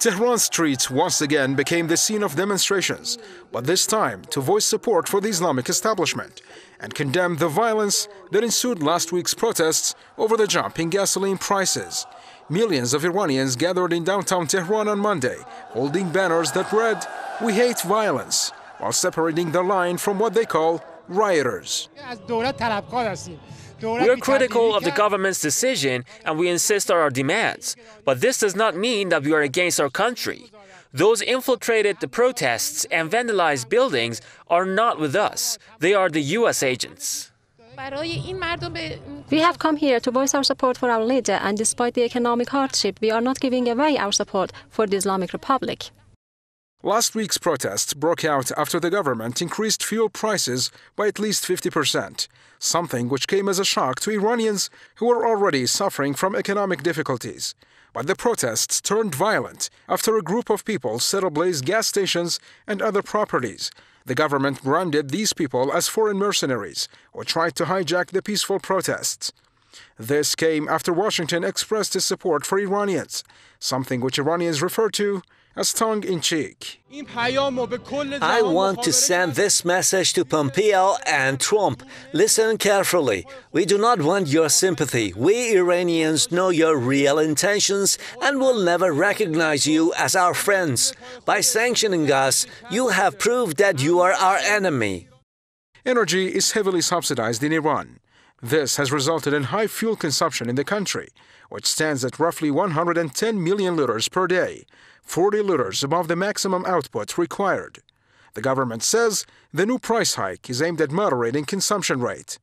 Tehran streets once again became the scene of demonstrations, but this time to voice support for the Islamic establishment and condemn the violence that ensued last week's protests over the jump in gasoline prices. Millions of Iranians gathered in downtown Tehran on Monday, holding banners that read, We hate violence, while separating the line from what they call rioters. We are critical of the government's decision and we insist on our demands, but this does not mean that we are against our country. Those infiltrated the protests and vandalized buildings are not with us. They are the U.S. agents. We have come here to voice our support for our leader, and despite the economic hardship, we are not giving away our support for the Islamic Republic. Last week's protests broke out after the government increased fuel prices by at least 50%, something which came as a shock to Iranians who were already suffering from economic difficulties. But the protests turned violent after a group of people set ablaze gas stations and other properties. The government branded these people as foreign mercenaries or tried to hijack the peaceful protests. This came after Washington expressed its support for Iranians, something which Iranians refer to as tongue in cheek. I want to send this message to Pompeo and Trump. Listen carefully. We do not want your sympathy. We Iranians know your real intentions and will never recognize you as our friends. By sanctioning us, you have proved that you are our enemy. Energy is heavily subsidized in Iran. This has resulted in high fuel consumption in the country, which stands at roughly 110 million liters per day, 40 liters above the maximum output required. The government says the new price hike is aimed at moderating consumption rate.